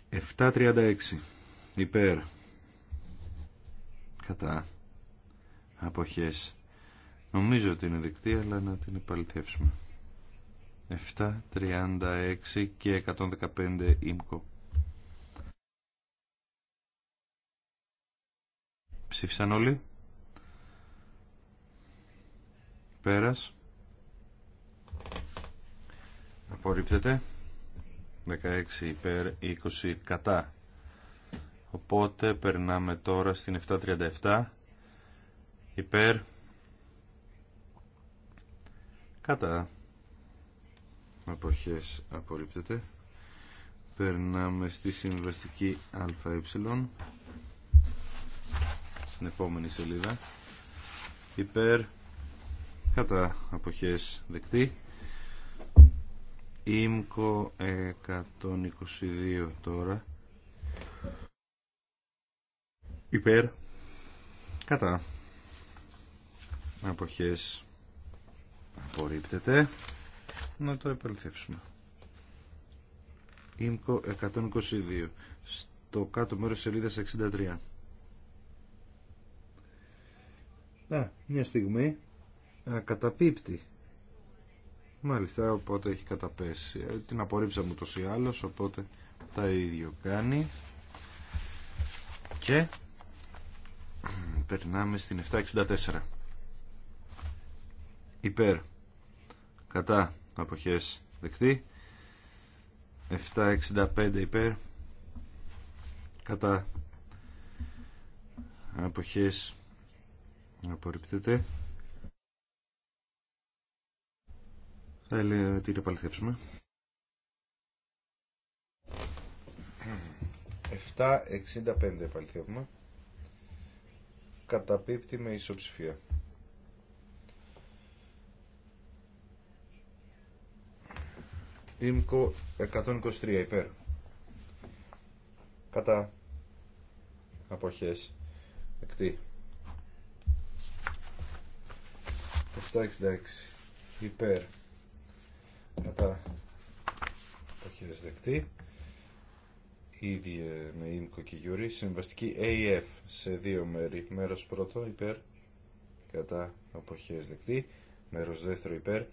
Εφτά υπέρ κατά αποχές νομίζω ότι είναι δεκτή αλλά να την επαληθεύσουμε 7.36 και 115 ΙΜΚΟ Ψήφισαν όλοι. Πέρας. Απορρίπτεται. 16 υπέρ 20 κατά. Οπότε περνάμε τώρα στην 737 υπέρ κατά αποχές απορρίπτεται περνάμε στη συμβαστική αε στην επόμενη σελίδα υπέρ κατά αποχές δεκτή ΙΜΚΟ 122 τώρα υπέρ κατά αποχές απορρίπτεται να το επαληθεύσουμε ΙΜΚΟ 122 στο κάτω μέρος σελίδας 63 Α, μια στιγμή. Α, καταπίπτει. Μάλιστα, οπότε έχει καταπέσει. Ε, την απορρίψαμε ούτως ή άλλως, οπότε τα ίδιο κάνει. Και περνάμε στην 764. Υπέρ. Κατά αποχές δεκτή. 765 υπέρ. Κατά αποχές Απορρίπτεται. Θα έλεγα ότι είναι 7.65 επαληθεύουμε. Καταπίπτει με ισοψηφία. Ήμκο 123 υπέρ. Κατά αποχές. Εκτή. 866 υπέρ κατά αποχές δεκτή ίδια με ΙΜΚΟ και Γιουρί συμβαστική AF σε δύο μέρη μέρος πρώτο υπέρ κατά αποχές δεκτή μέρος δεύτερο υπέρ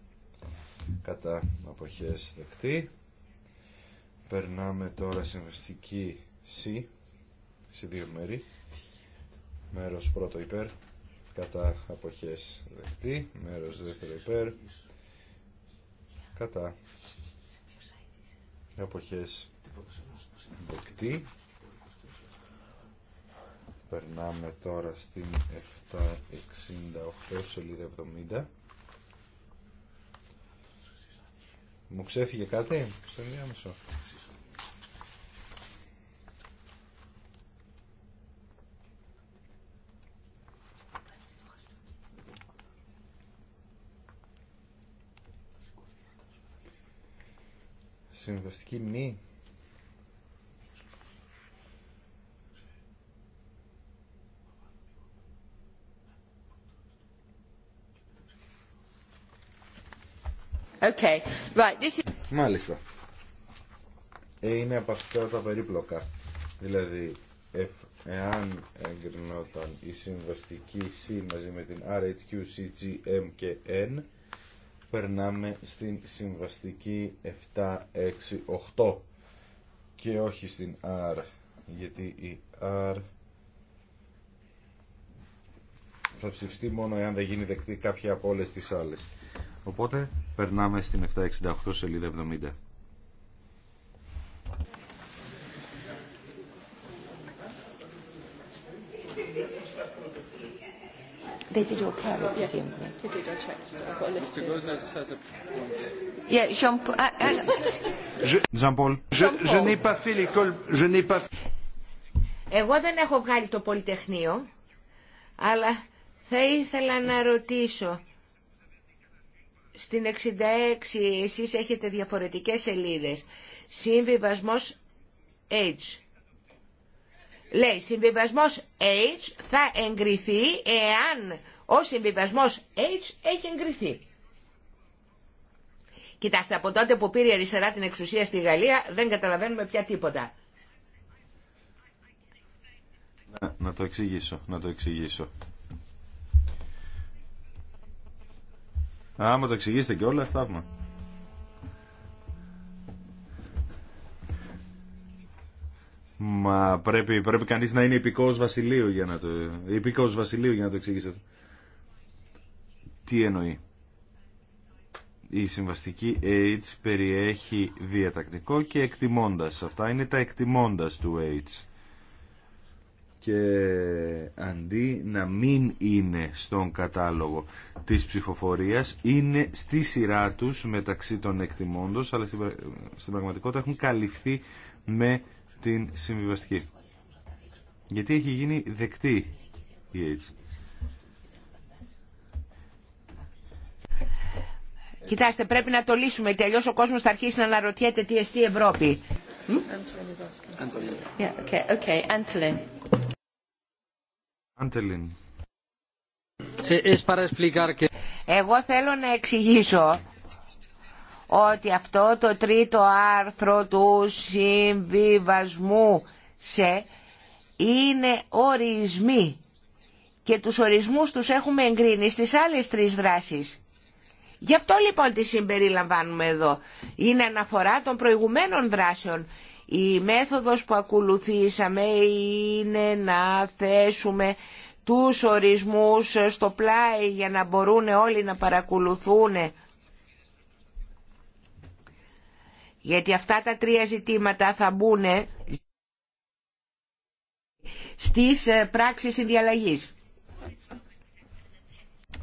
κατά αποχές δεκτή περνάμε τώρα συμβαστική C σε δύο μέρη μέρος πρώτο υπέρ κατά αποχές δεκτή μέρος δεύτερο υπέρ κατά αποχές δεκτή περνάμε τώρα στην 768 σελίδα 70 μου ξέφυγε κάτι στο μισό. Συμβαστική μη. Okay. Right. This is... Μάλιστα. Ε, είναι από αυτά τα περίπλοκα. Δηλαδή, εάν εγκρινόταν η συμβαστική C μαζί με την RHQ, M και N, περνάμε στην συμβαστική 768 και όχι στην R γιατί η R θα ψηφιστεί μόνο εάν δεν γίνει δεκτή κάποια από όλες τις άλλες. Οπότε περνάμε στην 768 σελίδα 70. They did all carry, yeah, presumably. They did, I checked. I've got a list Mr. Gozes has a point. Yeah, Jean-Paul. Jean-Paul. Je, n'ai pas fait l'école, je n'ai pas... Εγώ δεν έχω βγάλει το Πολυτεχνείο, αλλά θα ήθελα να ρωτήσω. Στην 66 εσείς έχετε διαφορετικές σελίδες. Συμβιβασμός H λέει συμβιβασμός H θα εγκριθεί εάν ο συμβιβασμός H έχει εγκριθεί. Κοιτάξτε, από τότε που πήρε η αριστερά την εξουσία στη Γαλλία δεν καταλαβαίνουμε πια τίποτα. Να, το εξηγήσω, να το εξηγήσω. Άμα το εξηγήσετε κιόλας, θαύμα. Μα πρέπει, πρέπει κανείς να είναι υπηκό βασιλείου για να το, Υπηκό βασιλείου για να το εξηγήσει Τι εννοεί. Η συμβαστική AIDS περιέχει διατακτικό και εκτιμώντας. Αυτά είναι τα εκτιμώντας του AIDS. Και αντί να μην είναι στον κατάλογο της ψηφοφορίας, είναι στη σειρά τους μεταξύ των εκτιμώντων, αλλά στην πραγματικότητα έχουν καλυφθεί με την συμβιβαστική. Γιατί έχει γίνει δεκτή η AIDS. Κοιτάξτε, πρέπει να το λύσουμε, γιατί αλλιώς ο κόσμος θα αρχίσει να αναρωτιέται τι εστί Ευρώπη. Εγώ θέλω να εξηγήσω ότι αυτό το τρίτο άρθρο του συμβιβασμού σε είναι ορισμοί και τους ορισμούς τους έχουμε εγκρίνει στις άλλες τρεις δράσεις. Γι' αυτό λοιπόν τη συμπεριλαμβάνουμε εδώ. Είναι αναφορά των προηγουμένων δράσεων. Η μέθοδος που ακολουθήσαμε είναι να θέσουμε τους ορισμούς στο πλάι για να μπορούν όλοι να παρακολουθούν γιατί αυτά τα τρία ζητήματα θα μπουν στις ε, πράξεις συνδιαλλαγής.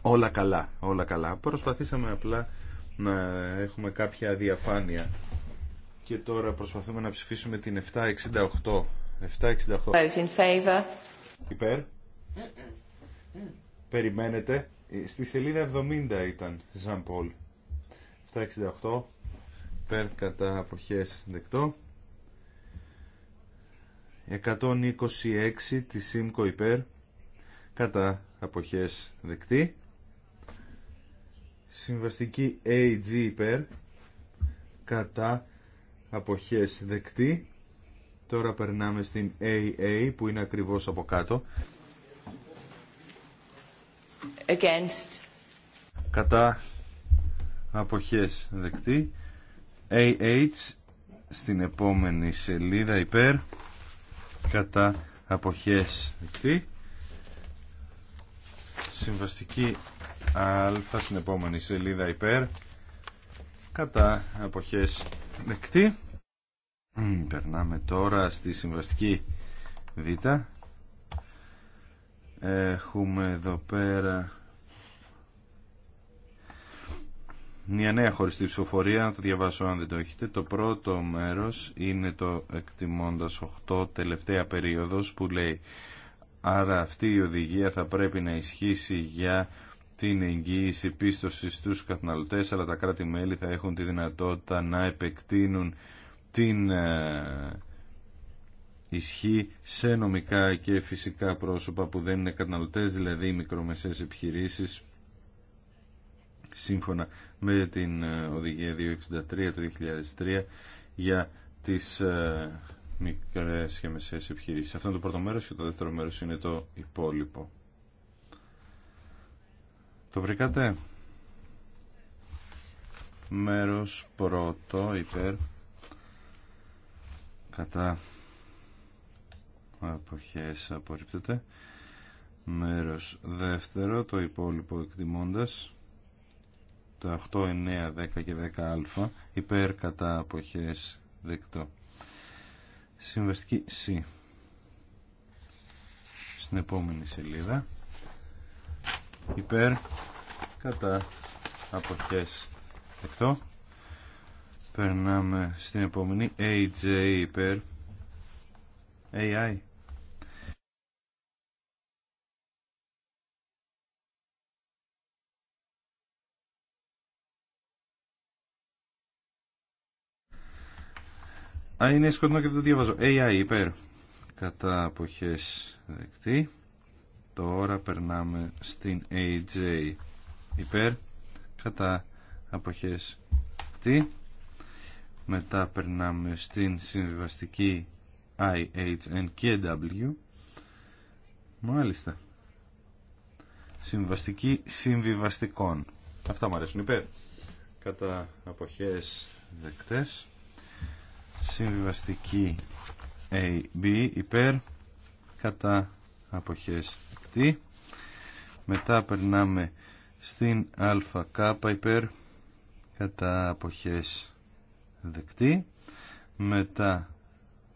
Όλα καλά, όλα καλά. Προσπαθήσαμε απλά να έχουμε κάποια διαφάνεια. Και τώρα προσπαθούμε να ψηφίσουμε την 768. 768. Υπέρ. Περιμένετε. Στη σελίδα 70 ήταν, Ζαν Πολ. 768 υπέρ κατά αποχές δεκτό 126 της ΣΥΜΚΟ υπέρ κατά αποχές δεκτή συμβαστική AG υπέρ κατά αποχές δεκτή τώρα περνάμε στην AA που είναι ακριβώς από κάτω Against. κατά αποχές δεκτή AH στην επόμενη σελίδα υπέρ κατά αποχές δεκτή συμβαστική α στην επόμενη σελίδα υπέρ κατά αποχές δεκτή περνάμε τώρα στη συμβαστική β έχουμε εδώ πέρα μια νέα χωριστή ψηφοφορία, να το διαβάσω αν δεν το έχετε. Το πρώτο μέρος είναι το εκτιμώντας 8 τελευταία περίοδος που λέει άρα αυτή η οδηγία θα πρέπει να ισχύσει για την εγγύηση πίστοση στους καταναλωτές αλλά τα κράτη-μέλη θα έχουν τη δυνατότητα να επεκτείνουν την ε, ισχύ σε νομικά και φυσικά πρόσωπα που δεν είναι καταναλωτέ δηλαδή μικρομεσαίες επιχειρήσεις σύμφωνα με την ε, οδηγία 263 του 2003 για τις ε, μικρές και μεσαίες επιχειρήσεις. Αυτό είναι το πρώτο μέρος και το δεύτερο μέρος είναι το υπόλοιπο. Το βρήκατε. Μέρος πρώτο υπέρ κατά αποχές απορρίπτεται. Μέρος δεύτερο το υπόλοιπο εκτιμώντας το 8, 9, 10 και 10α υπέρ κατά αποχές δεκτό συμβαστική C στην επόμενη σελίδα υπέρ κατά αποχές δεκτό περνάμε στην επόμενη AJ υπέρ AI Α, είναι σκοτεινό και δεν το διαβάζω. AI υπέρ. Κατά αποχές δεκτή. Τώρα περνάμε στην AJ υπέρ. Κατά αποχές δεκτή. Μετά περνάμε στην συμβιβαστική IHN και W. Μάλιστα. Συμβαστική συμβιβαστικών. Αυτά μου αρέσουν υπέρ. Κατά αποχές δεκτές. Συμβιβαστική AB υπέρ κατά αποχές δεκτή. Μετά περνάμε στην ΑΚ υπέρ κατά αποχές δεκτή. Μετά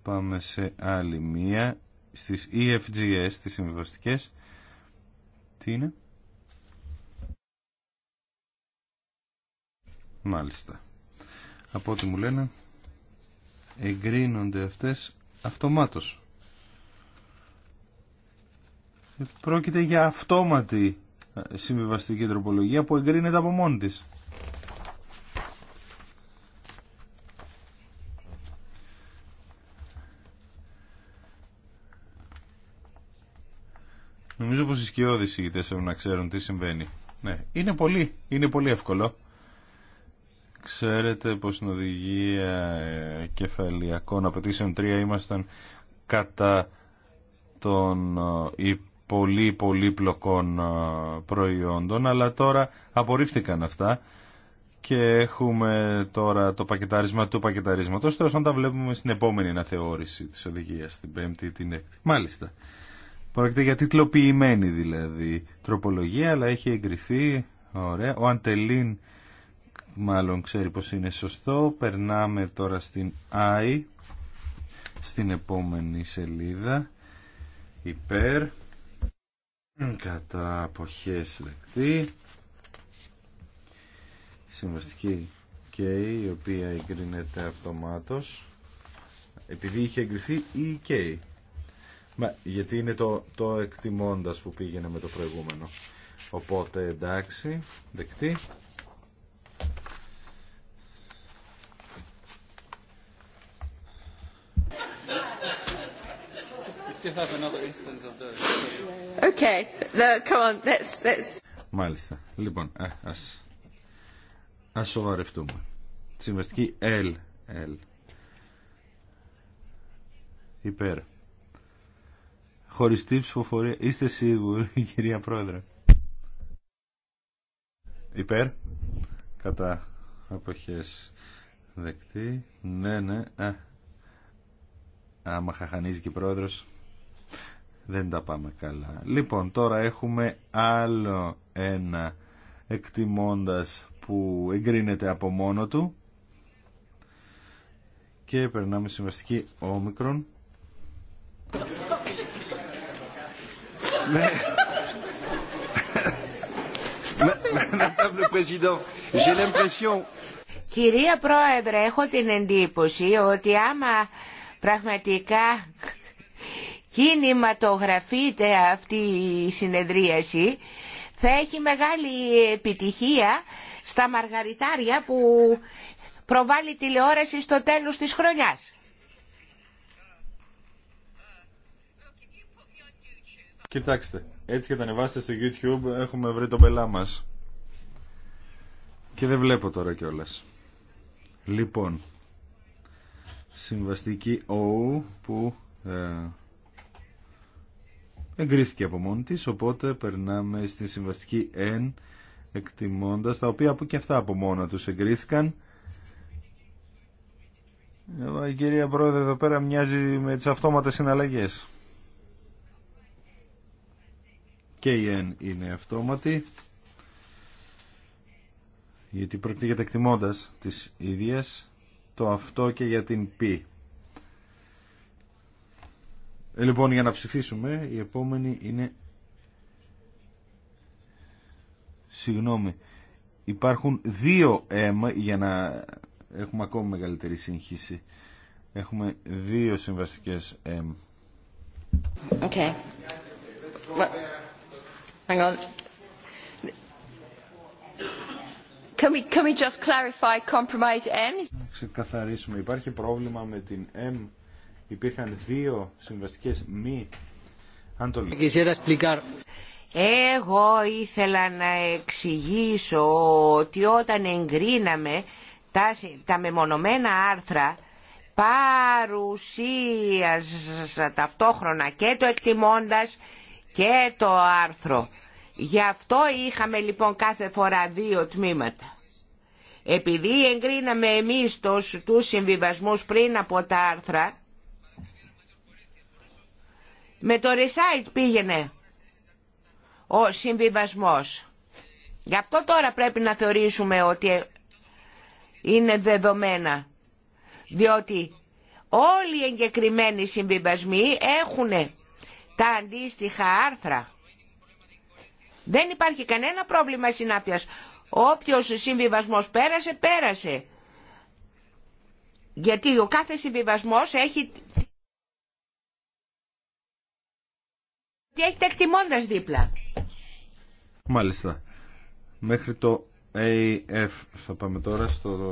πάμε σε άλλη μία στις EFGS, τις συμβιβαστικές. Τι είναι? Μάλιστα. Από ό,τι μου λένε, εγκρίνονται αυτές αυτομάτως. Πρόκειται για αυτόματη ε, συμβιβαστική τροπολογία που εγκρίνεται από μόνη της. Νομίζω πως οι σκιώδεις ηγητές έχουν να ξέρουν τι συμβαίνει. Ναι, είναι πολύ, είναι πολύ εύκολο. Ξέρετε πως στην οδηγία ε, κεφαλιακών απαιτήσεων 3 ήμασταν κατά των ε, πολύ πολύπλοκων ε, προϊόντων αλλά τώρα απορρίφθηκαν αυτά και έχουμε τώρα το πακετάρισμα του πακεταρίσματος τώρα θα τα βλέπουμε στην επόμενη αναθεώρηση της οδηγίας την 5 ή την έκτη μάλιστα πρόκειται για τίτλοποιημένη δηλαδή τροπολογία αλλά έχει εγκριθεί ωραία ο Αντελίν μάλλον ξέρει πως είναι σωστό. Περνάμε τώρα στην I, στην επόμενη σελίδα, υπέρ, κατά αποχές δεκτή, συμβαστική K, η οποία εγκρίνεται αυτομάτως, επειδή είχε εγκριθεί η K. Μα, γιατί είναι το, το εκτιμώντας που πήγαινε με το προηγούμενο. Οπότε εντάξει, δεκτή. Okay, the, come on, let's, let's... Μάλιστα. Λοιπόν, α, ε, ας, ας σοβαρευτούμε. Συμβαστική L, L. Υπέρ. Χωριστή ψηφοφορία. Είστε σίγουροι, κυρία Πρόεδρε. Υπέρ. Κατά αποχές δεκτή. Ναι, ναι. Α, ε. άμα χαχανίζει και η πρόεδρος δεν τα πάμε καλά. Λοιπόν, τώρα έχουμε άλλο ένα εκτιμώντας που εγκρίνεται από μόνο του και περνάμε συμβαστική όμικρον. Ναι. Ναι, ναι, Κυρία Πρόεδρε, έχω την εντύπωση ότι άμα πραγματικά κινηματογραφείται αυτή η συνεδρίαση θα έχει μεγάλη επιτυχία στα μαργαριτάρια που προβάλλει τηλεόραση στο τέλος της χρονιάς. Κοιτάξτε, έτσι και τα ανεβάστε στο YouTube έχουμε βρει τον πελά μας. Και δεν βλέπω τώρα κιόλα. Λοιπόν, συμβαστική O που ε, εγκρίθηκε από μόνη της, οπότε περνάμε στη συμβαστική N εκτιμώντας, τα οποία από και αυτά από μόνα τους εγκρίθηκαν. Ε, η κυρία Πρόεδρε εδώ πέρα μοιάζει με τις αυτόματες συναλλαγές. Και η N είναι αυτόματη, γιατί πρόκειται για τα εκτιμώντας της ίδιας, το αυτό και για την P. Ε, λοιπόν, για να ψηφίσουμε, η επόμενη είναι... Συγγνώμη. Υπάρχουν δύο M για να έχουμε ακόμα μεγαλύτερη σύγχυση. Έχουμε δύο συμβαστικές M. Okay. hang on. Can we, can we just clarify compromise M? ξεκαθαρίσουμε. Υπάρχει πρόβλημα με την M υπήρχαν δύο συμβαστικές μη Εγώ ήθελα να εξηγήσω ότι όταν εγκρίναμε τα, μεμονωμένα άρθρα παρουσίαζα ταυτόχρονα και το εκτιμώντας και το άρθρο. Γι' αυτό είχαμε λοιπόν κάθε φορά δύο τμήματα. Επειδή εγκρίναμε εμείς τους, τους συμβιβασμούς πριν από τα άρθρα, με το Recite πήγαινε ο συμβιβασμός. Γι' αυτό τώρα πρέπει να θεωρήσουμε ότι είναι δεδομένα. Διότι όλοι οι εγκεκριμένοι συμβιβασμοί έχουν τα αντίστοιχα άρθρα. Δεν υπάρχει κανένα πρόβλημα συνάφειας. Όποιος συμβιβασμός πέρασε, πέρασε. Γιατί ο κάθε συμβιβασμός έχει Και έχετε εκτιμώντα δίπλα. Μάλιστα. Μέχρι το AF θα πάμε τώρα στο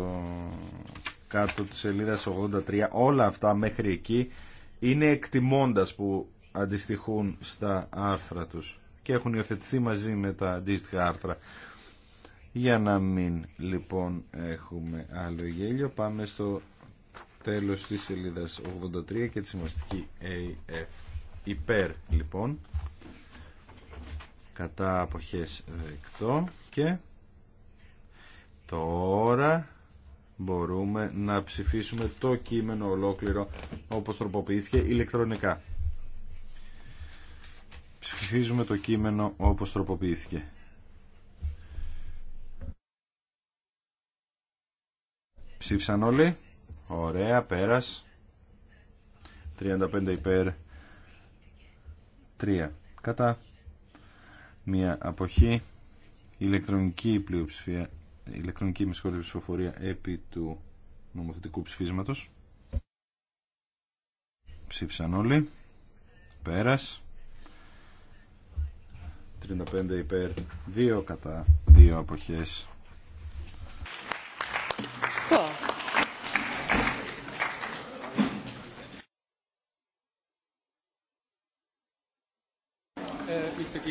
κάτω της σελίδα 83. Όλα αυτά μέχρι εκεί είναι εκτιμώντα που αντιστοιχούν στα άρθρα τους και έχουν υιοθετηθεί μαζί με τα αντίστοιχα άρθρα. Για να μην λοιπόν έχουμε άλλο γέλιο πάμε στο τέλος της σελίδας 83 και τη σημαστική AF υπέρ λοιπόν κατά αποχές δεκτό και τώρα μπορούμε να ψηφίσουμε το κείμενο ολόκληρο όπως τροποποιήθηκε ηλεκτρονικά ψηφίζουμε το κείμενο όπως τροποποιήθηκε ψήφισαν όλοι ωραία πέρας 35 υπέρ 3 κατά μια αποχή ηλεκτρονική πλειοψηφία ηλεκτρονική με ψηφοφορία επί του νομοθετικού ψηφίσματος ψήφισαν όλοι πέρας 35 υπέρ 2 κατά 2 αποχές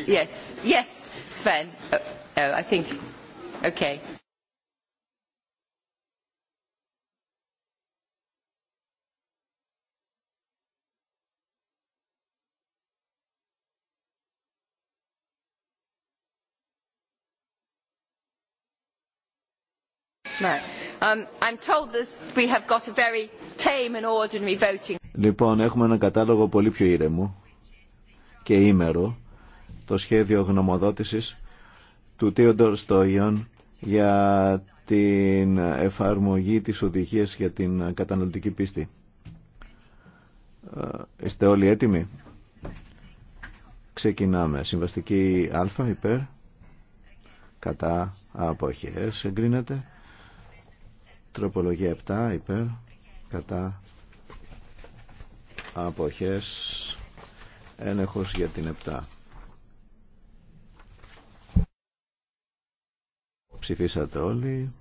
Yes, yes, Sven. Oh, I think. Okay. Um, I'm told we have got a very Λοιπόν, έχουμε ένα κατάλογο πολύ πιο ήρεμο και ήμερο το σχέδιο γνωμοδότησης του Τίοντορ Στόγιον για την εφαρμογή της οδηγίας για την καταναλωτική πίστη. Ε, είστε όλοι έτοιμοι. Ξεκινάμε. Συμβαστική α υπέρ. Κατά αποχές εγκρίνεται. Τροπολογία 7 υπέρ. Κατά αποχές. Ένεχος για την 7. Ψηφίσατε όλοι.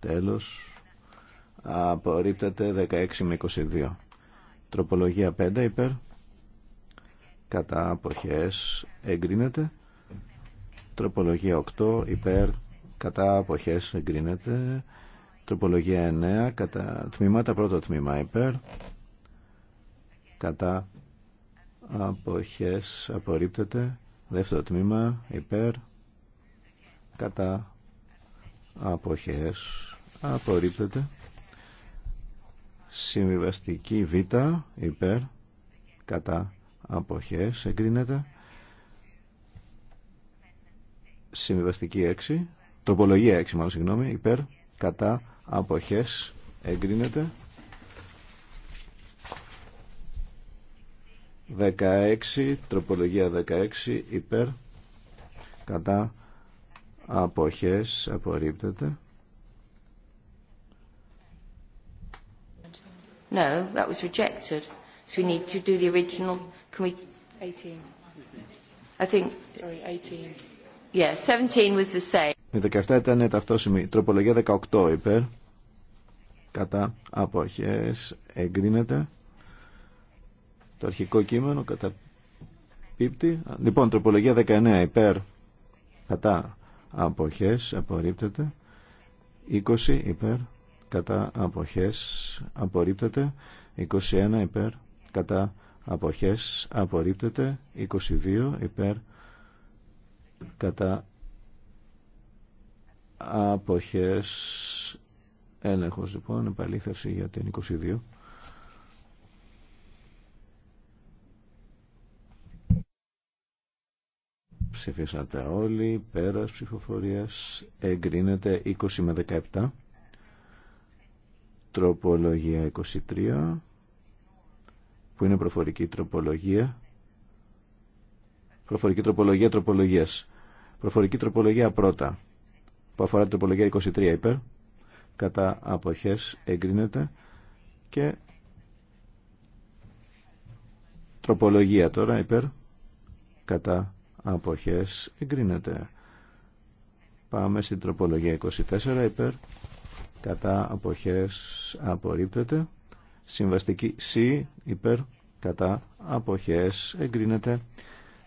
Τέλος. Απορρίπτεται 16 με 22. Τροπολογία 5 υπέρ. Κατά αποχές εγκρίνεται. Τροπολογία 8 υπέρ. Κατά αποχές εγκρίνεται. Τροπολογία 9 κατά τμήματα. Πρώτο τμήμα υπέρ. Κατά αποχές απορρίπτεται. Δεύτερο τμήμα υπέρ κατά αποχές απορρίπτεται συμβιβαστική β υπέρ κατά αποχές εγκρίνεται συμβιβαστική 6 τροπολογία 6 μάλλον συγγνώμη υπέρ κατά αποχές εγκρίνεται 16 τροπολογία 16 υπέρ κατά αποχές απορρίπτεται No, that was rejected. So we need to do the original. Can we? 18. I think. Sorry, 18. Yeah, 17 was the same. Η 17 ήταν ταυτόσημη. Τροπολογία 18 υπέρ. Κατά αποχές εγκρίνεται. Το αρχικό κείμενο κατά πίπτη. Λοιπόν, τροπολογία 19 υπέρ. Κατά αποχές απορρίπτεται 20 υπέρ κατά αποχές απορρίπτεται 21 υπέρ κατά αποχές απορρίπτεται 22 υπέρ κατά αποχές έλεγχος λοιπόν επαλήθευση για την 22 Ψηφίσατε όλοι. Πέρας ψηφοφορίας εγκρίνεται 20 με 17. Τροπολογία 23 που είναι προφορική τροπολογία. Προφορική τροπολογία τροπολογίας. Προφορική τροπολογία πρώτα που αφορά την τροπολογία 23 υπέρ. Κατά αποχές εγκρίνεται και τροπολογία τώρα υπέρ κατά αποχές εγκρίνεται. Πάμε στην τροπολογία 24 υπέρ κατά αποχές απορρίπτεται. Συμβαστική C υπέρ κατά αποχές εγκρίνεται.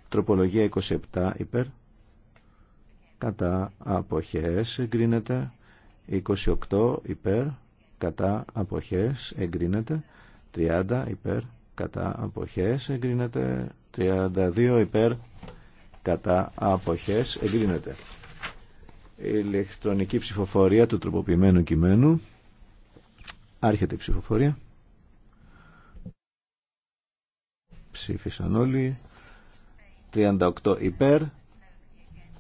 Τροπολογία 27 υπέρ κατά αποχές εγκρίνεται. 28 υπέρ κατά αποχές εγκρίνεται. 30 υπέρ κατά αποχές εγκρίνεται. 32 υπέρ κατά αποχές εγκρίνεται. Η ηλεκτρονική ψηφοφορία του τροποποιημένου κειμένου. Άρχεται η ψηφοφορία. Ψήφισαν όλοι. 38 υπέρ.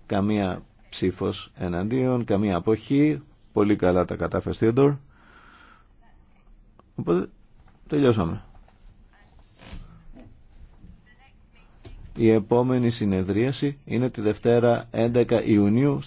Καμία ψήφος εναντίον. Καμία αποχή. Πολύ καλά τα κατάφερε Οπότε τελειώσαμε. Η επόμενη συνεδρίαση είναι τη Δευτέρα 11 Ιουνίου